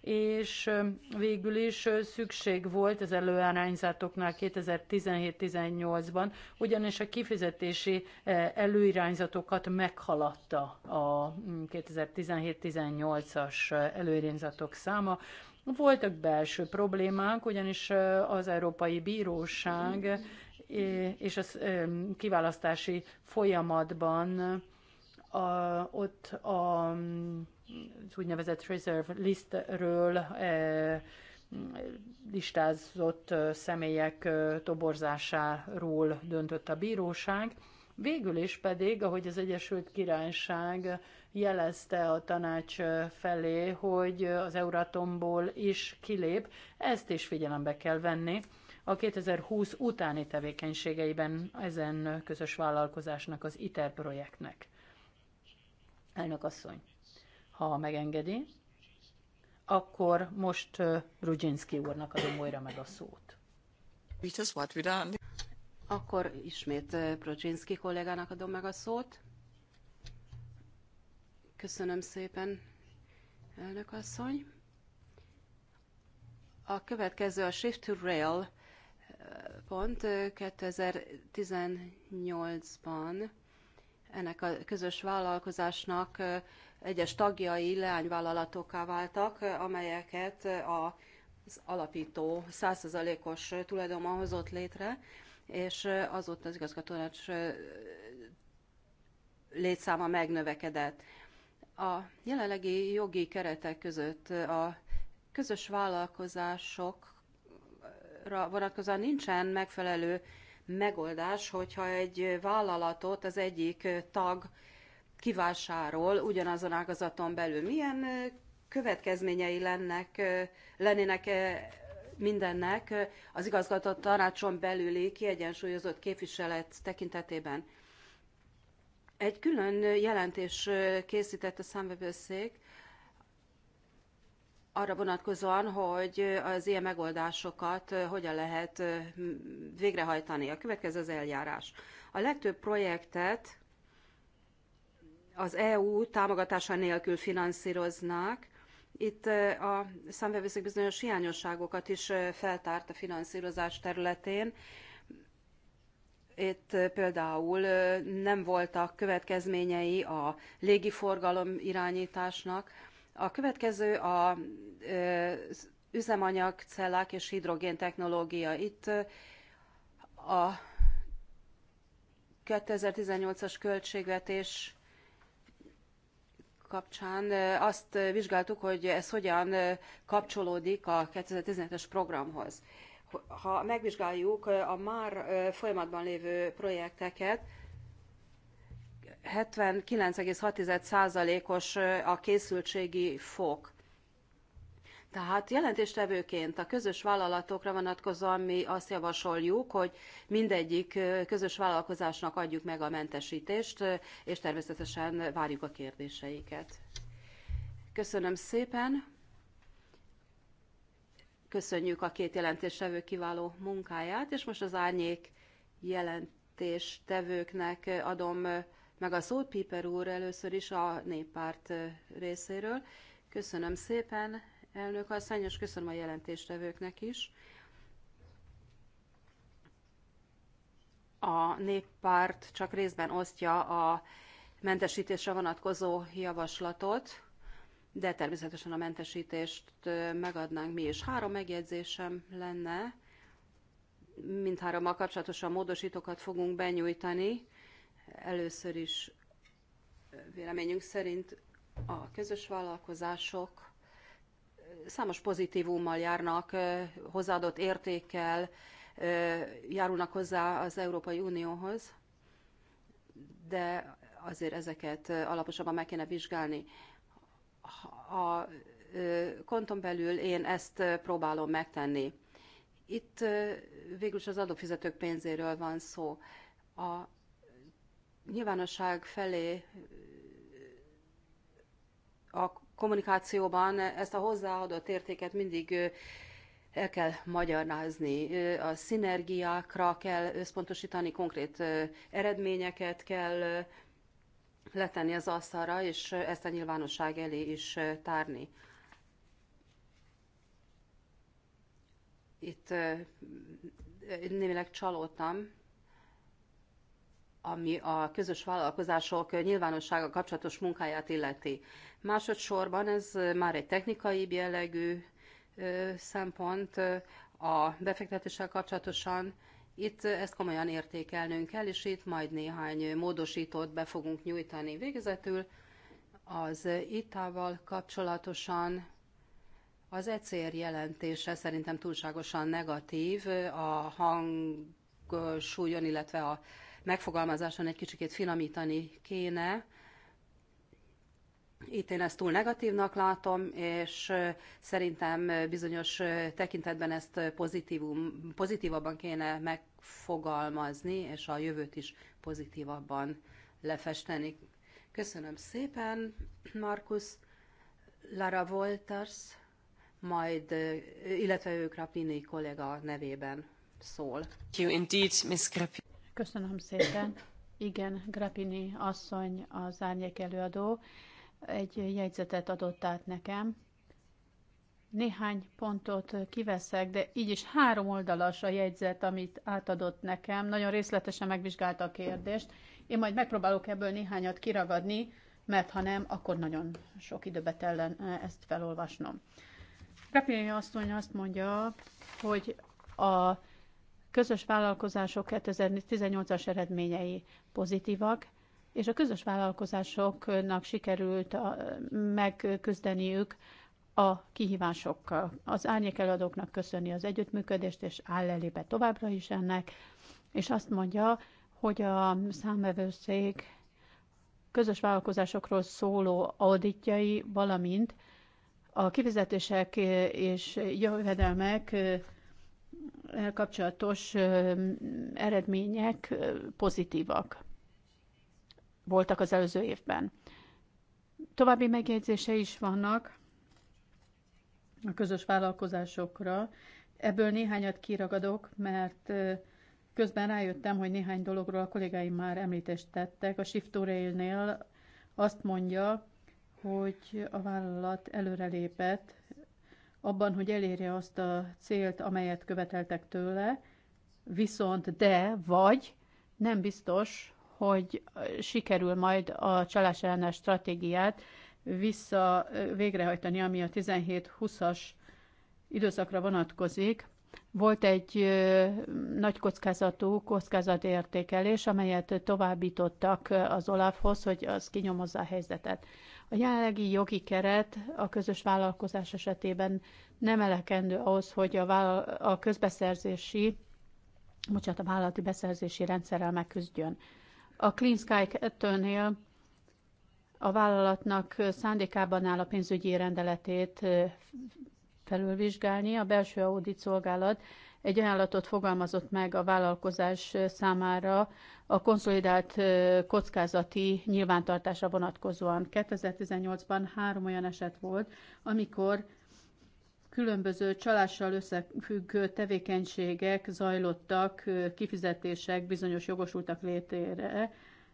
és végül is szükség volt az előirányzatoknál 2017-18-ban, ugyanis a kifizetési eh, előirányzatokat meghaladta a 2017-18-as eh, előirányzatok száma, voltak belső problémák, ugyanis eh, az Európai Bíróság és a kiválasztási folyamatban a, ott a, úgynevezett reserve listről listázott személyek toborzásáról döntött a bíróság. Végül is pedig, ahogy az Egyesült Királyság jelezte a tanács felé, hogy az Euratomból is kilép, ezt is figyelembe kell venni, a 2020 utáni tevékenységeiben ezen közös vállalkozásnak, az ITER projektnek. Elnök asszony, ha megengedi, akkor most
Rudzinski úrnak adom újra meg a szót. Akkor ismét Rudzinski kollégának adom meg a szót. Köszönöm szépen, elnök asszony. A következő a Shift to Rail pont 2018-ban ennek a közös vállalkozásnak egyes tagjai leányvállalatokká váltak, amelyeket az alapító 100%-os tulajdonban hozott létre, és azóta az igazgatónács létszáma megnövekedett. A jelenlegi jogi keretek között a közös vállalkozások vonatkozóan nincsen megfelelő megoldás, hogyha egy vállalatot az egyik tag kivásárol ugyanazon ágazaton belül. Milyen következményei lennek, lennének mindennek az igazgató tanácson belüli kiegyensúlyozott képviselet tekintetében? Egy külön jelentés készített a számvevőszék, arra vonatkozóan, hogy az ilyen megoldásokat eh, hogyan lehet eh, végrehajtani. A következő az eljárás. A legtöbb projektet az EU támogatása nélkül finanszíroznák. Itt eh, a számvevőszék bizonyos hiányosságokat is feltárt a finanszírozás területén. Itt például nem voltak következményei a légiforgalom irányításnak, a következő a üzemanyag, cellák és hidrogén technológia. Itt a 2018-as költségvetés kapcsán azt vizsgáltuk, hogy ez hogyan kapcsolódik a 2017-es programhoz. Ha megvizsgáljuk a már folyamatban lévő projekteket, 79,6%-os a készültségi fok. Tehát jelentéstevőként a közös vállalatokra vonatkozóan mi azt javasoljuk, hogy mindegyik közös vállalkozásnak adjuk meg a mentesítést, és természetesen várjuk a kérdéseiket. Köszönöm szépen! Köszönjük a két jelentéstevő kiváló munkáját, és most az árnyék jelentéstevőknek adom meg a szót Piper úr először is a néppárt részéről. Köszönöm szépen, elnök asszony, és köszönöm a jelentéstevőknek is. A néppárt csak részben osztja a mentesítésre vonatkozó javaslatot, de természetesen a mentesítést megadnánk mi is. Három megjegyzésem lenne, mindhárommal kapcsolatosan módosítókat fogunk benyújtani. Először is véleményünk szerint a közös vállalkozások számos pozitívummal járnak, hozzáadott értékkel járulnak hozzá az Európai Unióhoz, de azért ezeket alaposabban meg kéne vizsgálni. A konton belül én ezt próbálom megtenni. Itt végülis az adófizetők pénzéről van szó. A nyilvánosság felé a kommunikációban ezt a hozzáadott értéket mindig el kell magyarázni, a szinergiákra kell összpontosítani, konkrét eredményeket kell letenni az asztalra, és ezt a nyilvánosság elé is tárni. Itt némileg csalódtam, ami a közös vállalkozások nyilvánossága kapcsolatos munkáját illeti. Másodszorban ez már egy technikai jellegű szempont a befektetéssel kapcsolatosan. Itt ezt komolyan értékelnünk kell, és itt majd néhány módosítót be fogunk nyújtani. Végezetül az ittával kapcsolatosan az ECR jelentése szerintem túlságosan negatív a hangsúlyon, illetve a megfogalmazáson egy kicsikét finomítani kéne. Itt én ezt túl negatívnak látom, és szerintem bizonyos tekintetben ezt pozitívum, pozitívabban kéne megfogalmazni, és a jövőt is pozitívabban lefesteni. Köszönöm szépen, Markus, Lara Wolters, majd, illetve ő Krapini kollega nevében szól. Thank you indeed, Miss Krapini.
Köszönöm szépen. Igen, Grapini asszony, az árnyék előadó egy jegyzetet adott át nekem. Néhány pontot kiveszek, de így is három oldalas a jegyzet, amit átadott nekem. Nagyon részletesen megvizsgálta a kérdést. Én majd megpróbálok ebből néhányat kiragadni, mert ha nem, akkor nagyon sok időbe tellen ezt felolvasnom. Grapini asszony azt mondja, hogy a közös vállalkozások 2018-as eredményei pozitívak, és a közös vállalkozásoknak sikerült megküzdeniük a kihívásokkal. Az árnyék eladóknak köszöni az együttműködést, és áll elébe továbbra is ennek, és azt mondja, hogy a számvevőszék közös vállalkozásokról szóló auditjai, valamint a kifizetések és jövedelmek kapcsolatos eredmények pozitívak voltak az előző évben. További megjegyzése is vannak a közös vállalkozásokra. Ebből néhányat kiragadok, mert közben rájöttem, hogy néhány dologról a kollégáim már említést tettek. A Shift Rail-nél azt mondja, hogy a vállalat előrelépett abban, hogy elérje azt a célt, amelyet követeltek tőle, viszont de vagy nem biztos, hogy sikerül majd a csalás ellenes stratégiát vissza végrehajtani, ami a 17-20-as időszakra vonatkozik. Volt egy nagy kockázatú kockázatértékelés, amelyet továbbítottak az Olafhoz, hogy az kinyomozza a helyzetet. A jelenlegi jogi keret a közös vállalkozás esetében nem elekendő ahhoz, hogy a, vállal- a közbeszerzési, bocsánat, a vállalati beszerzési rendszerrel megküzdjön. A Clean Sky 2 a vállalatnak szándékában áll a pénzügyi rendeletét felülvizsgálni. A belső audit szolgálat egy ajánlatot fogalmazott meg a vállalkozás számára a konszolidált kockázati nyilvántartásra vonatkozóan. 2018-ban három olyan eset volt, amikor különböző csalással összefüggő tevékenységek zajlottak, kifizetések bizonyos jogosultak létére,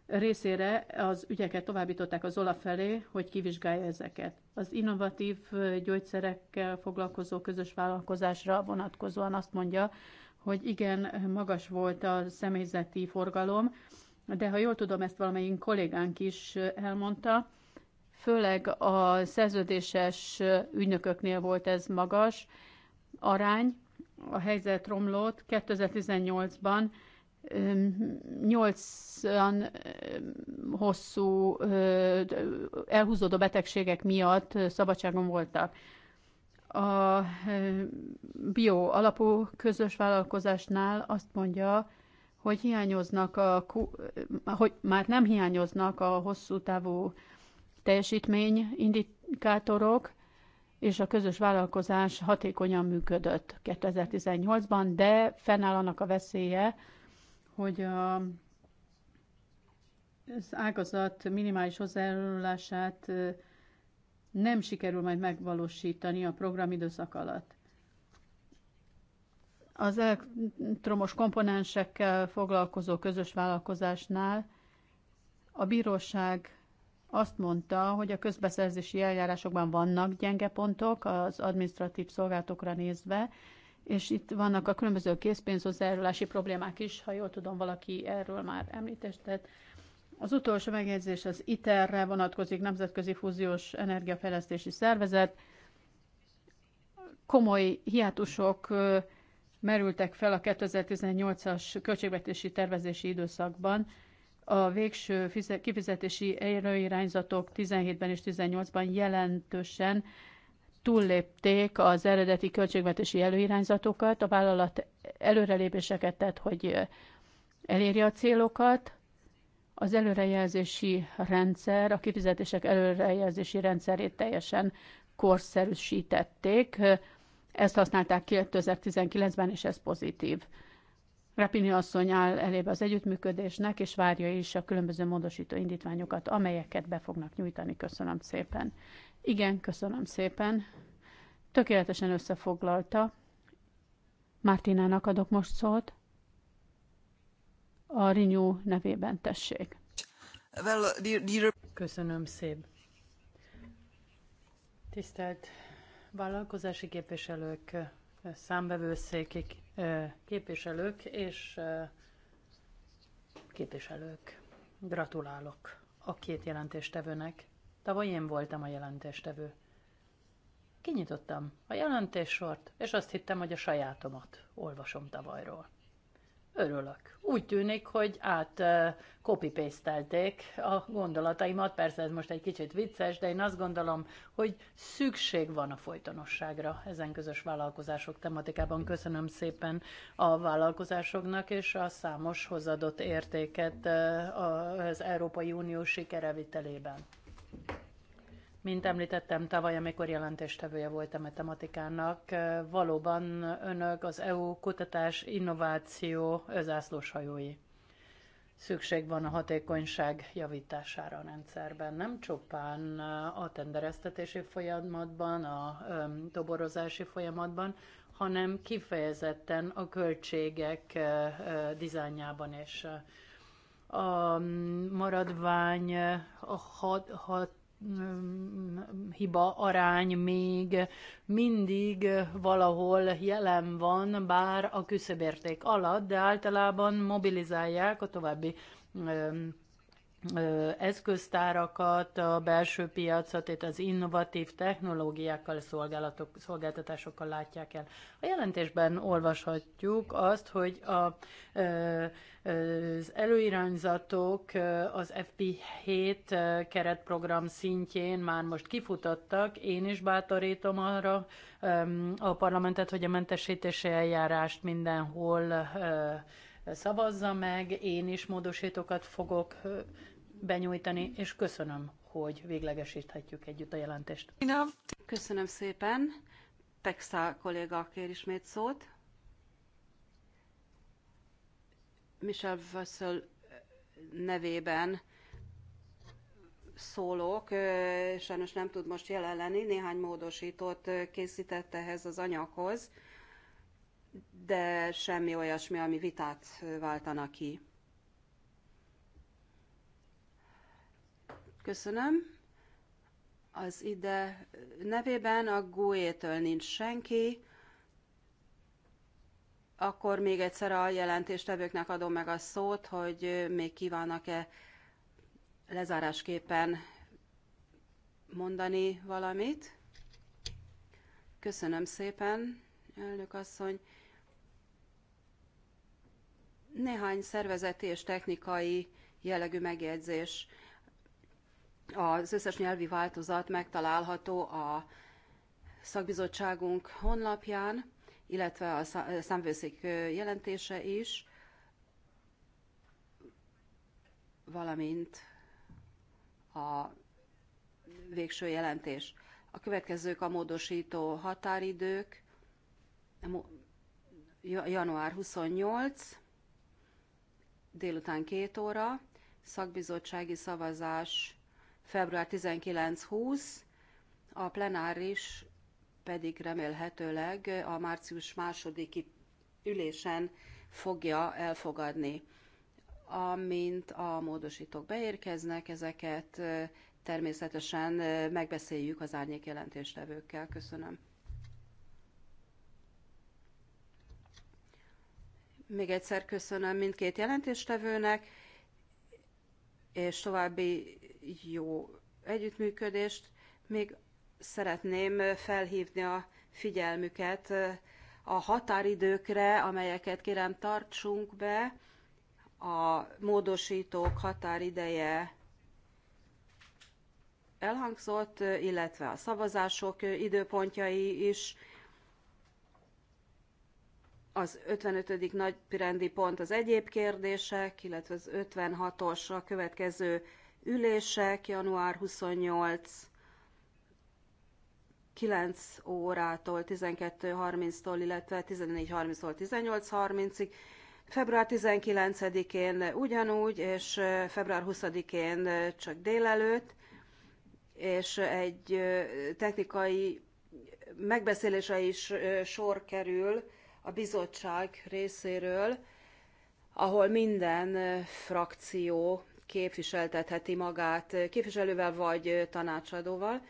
részére az ügyeket továbbították az OLAF felé, hogy kivizsgálja ezeket. Az innovatív gyógyszerekkel foglalkozó közös vállalkozásra vonatkozóan azt mondja, hogy igen, magas volt a személyzeti forgalom, de ha jól tudom, ezt valamelyik kollégánk is elmondta, főleg a szerződéses ügynököknél volt ez magas arány, a helyzet romlott 2018-ban, nyolcan hosszú elhúzódó betegségek miatt szabadságon voltak. A bio alapú közös vállalkozásnál azt mondja, hogy hiányoznak a, hogy már nem hiányoznak a hosszú távú teljesítmény indikátorok, és a közös vállalkozás hatékonyan működött 2018-ban, de fennáll annak a veszélye, hogy a, az ágazat minimális hozzájárulását nem sikerül majd megvalósítani a programidőszak alatt. Az elektromos komponensekkel foglalkozó közös vállalkozásnál a bíróság azt mondta, hogy a közbeszerzési eljárásokban vannak gyenge pontok az administratív szolgáltokra nézve, és itt vannak a különböző készpénzhozzájárulási problémák is, ha jól tudom, valaki erről már említést tett. Az utolsó megjegyzés az ITER-re vonatkozik, Nemzetközi Fúziós Energiafejlesztési Szervezet. Komoly hiátusok merültek fel a 2018-as költségvetési tervezési időszakban. A végső kifizetési előirányzatok 17-ben és 18-ban jelentősen túllépték az eredeti költségvetési előirányzatokat, a vállalat előrelépéseket tett, hogy elérje a célokat, az előrejelzési rendszer, a kifizetések előrejelzési rendszerét teljesen korszerűsítették. Ezt használták 2019-ben, és ez pozitív. Rapini asszony áll elébe az együttműködésnek, és várja is a különböző módosító indítványokat, amelyeket be fognak nyújtani. Köszönöm szépen. Igen, köszönöm szépen. Tökéletesen összefoglalta. Mártinának adok most szót. A Rinyó nevében tessék.
Well, dear, dear... Köszönöm szép. Tisztelt vállalkozási képviselők, számbevőszékik képviselők és képviselők. Gratulálok a két jelentéstevőnek. Tavaly én voltam a jelentéstevő. Kinyitottam a jelentéssort, és azt hittem, hogy a sajátomat olvasom tavalyról. Örülök. Úgy tűnik, hogy át uh, copy a gondolataimat. Persze ez most egy kicsit vicces, de én azt gondolom, hogy szükség van a folytonosságra ezen közös vállalkozások tematikában. Köszönöm szépen a vállalkozásoknak és a számos hozadott értéket az Európai Unió sikerevitelében. Mint említettem, tavaly, amikor jelentéstevője voltam a tematikának, valóban önök az EU kutatás innováció özászlós hajói. Szükség van a hatékonyság javítására a rendszerben, nem csupán a tendereztetési folyamatban, a toborozási folyamatban, hanem kifejezetten a költségek dizájnjában és a maradvány a hat, hat, mm, hiba arány még mindig valahol jelen van, bár a küszöbérték alatt, de általában mobilizálják a további mm, eszköztárakat, a belső piacot, itt az innovatív technológiákkal, szolgálatok, szolgáltatásokkal látják el. A jelentésben olvashatjuk azt, hogy a, az előirányzatok az FP7 keretprogram szintjén már most kifutottak. Én is bátorítom arra a parlamentet, hogy a mentesítési eljárást mindenhol szavazza meg, én is módosítókat fogok benyújtani, és köszönöm, hogy véglegesíthetjük együtt a jelentést.
Köszönöm szépen. Texá kolléga kér ismét szót. Michel Vassel eh, nevében szólok, eh, sajnos nem tud most jelen lenni, néhány módosítót eh, készítette ehhez az anyaghoz, de semmi olyasmi, ami vitát váltana ki. Köszönöm. Az ide nevében a GUE-től nincs senki. Akkor még egyszer a jelentéstevőknek adom meg a szót, hogy még kívánnak-e lezárásképpen mondani valamit. Köszönöm szépen, elnök asszony. Néhány szervezeti és technikai jellegű megjegyzés. Az összes nyelvi változat megtalálható a szakbizottságunk honlapján, illetve a számvőszék jelentése is, valamint a végső jelentés. A következők a módosító határidők, január 28, délután 2 óra, szakbizottsági szavazás február 19-20, a plenáris pedig remélhetőleg a március másodiki ülésen fogja elfogadni. Amint a módosítók beérkeznek, ezeket természetesen megbeszéljük az árnyék jelentéstevőkkel. Köszönöm. Még egyszer köszönöm mindkét jelentéstevőnek, és további jó együttműködést. Még szeretném felhívni a figyelmüket a határidőkre, amelyeket kérem tartsunk be. A módosítók határideje elhangzott, illetve a szavazások időpontjai is. Az 55. nagyrendi pont az egyéb kérdések, illetve az 56-os a következő ülések, január 28 9 órától 12.30-tól, illetve 14.30-tól 18.30-ig, február 19-én ugyanúgy, és február 20-én csak délelőtt, és egy technikai megbeszélése is sor kerül a bizottság részéről, ahol minden frakció képviseltetheti magát képviselővel vagy tanácsadóval,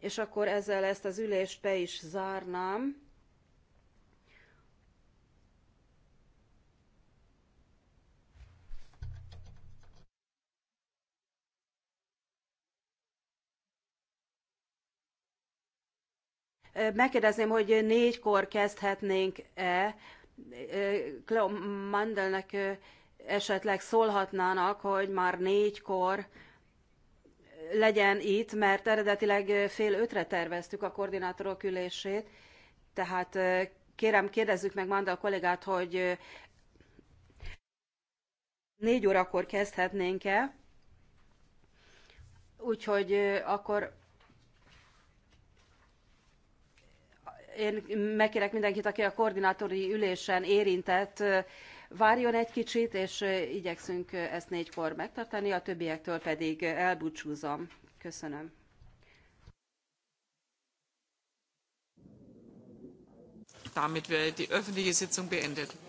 és akkor ezzel ezt az ülést be is zárnám. Megkérdezném, hogy négykor kezdhetnénk-e. Cleo Mandelnek esetleg szólhatnának, hogy már négykor legyen itt, mert eredetileg fél ötre terveztük a koordinátorok ülését, tehát kérem, kérdezzük meg Manda a kollégát, hogy négy órakor kezdhetnénk-e, úgyhogy akkor én megkérek mindenkit, aki a koordinátori ülésen érintett, várjon egy kicsit, és igyekszünk ezt négykor megtartani, a többiektől pedig elbúcsúzom. Köszönöm. Damit wäre die öffentliche Sitzung beendet.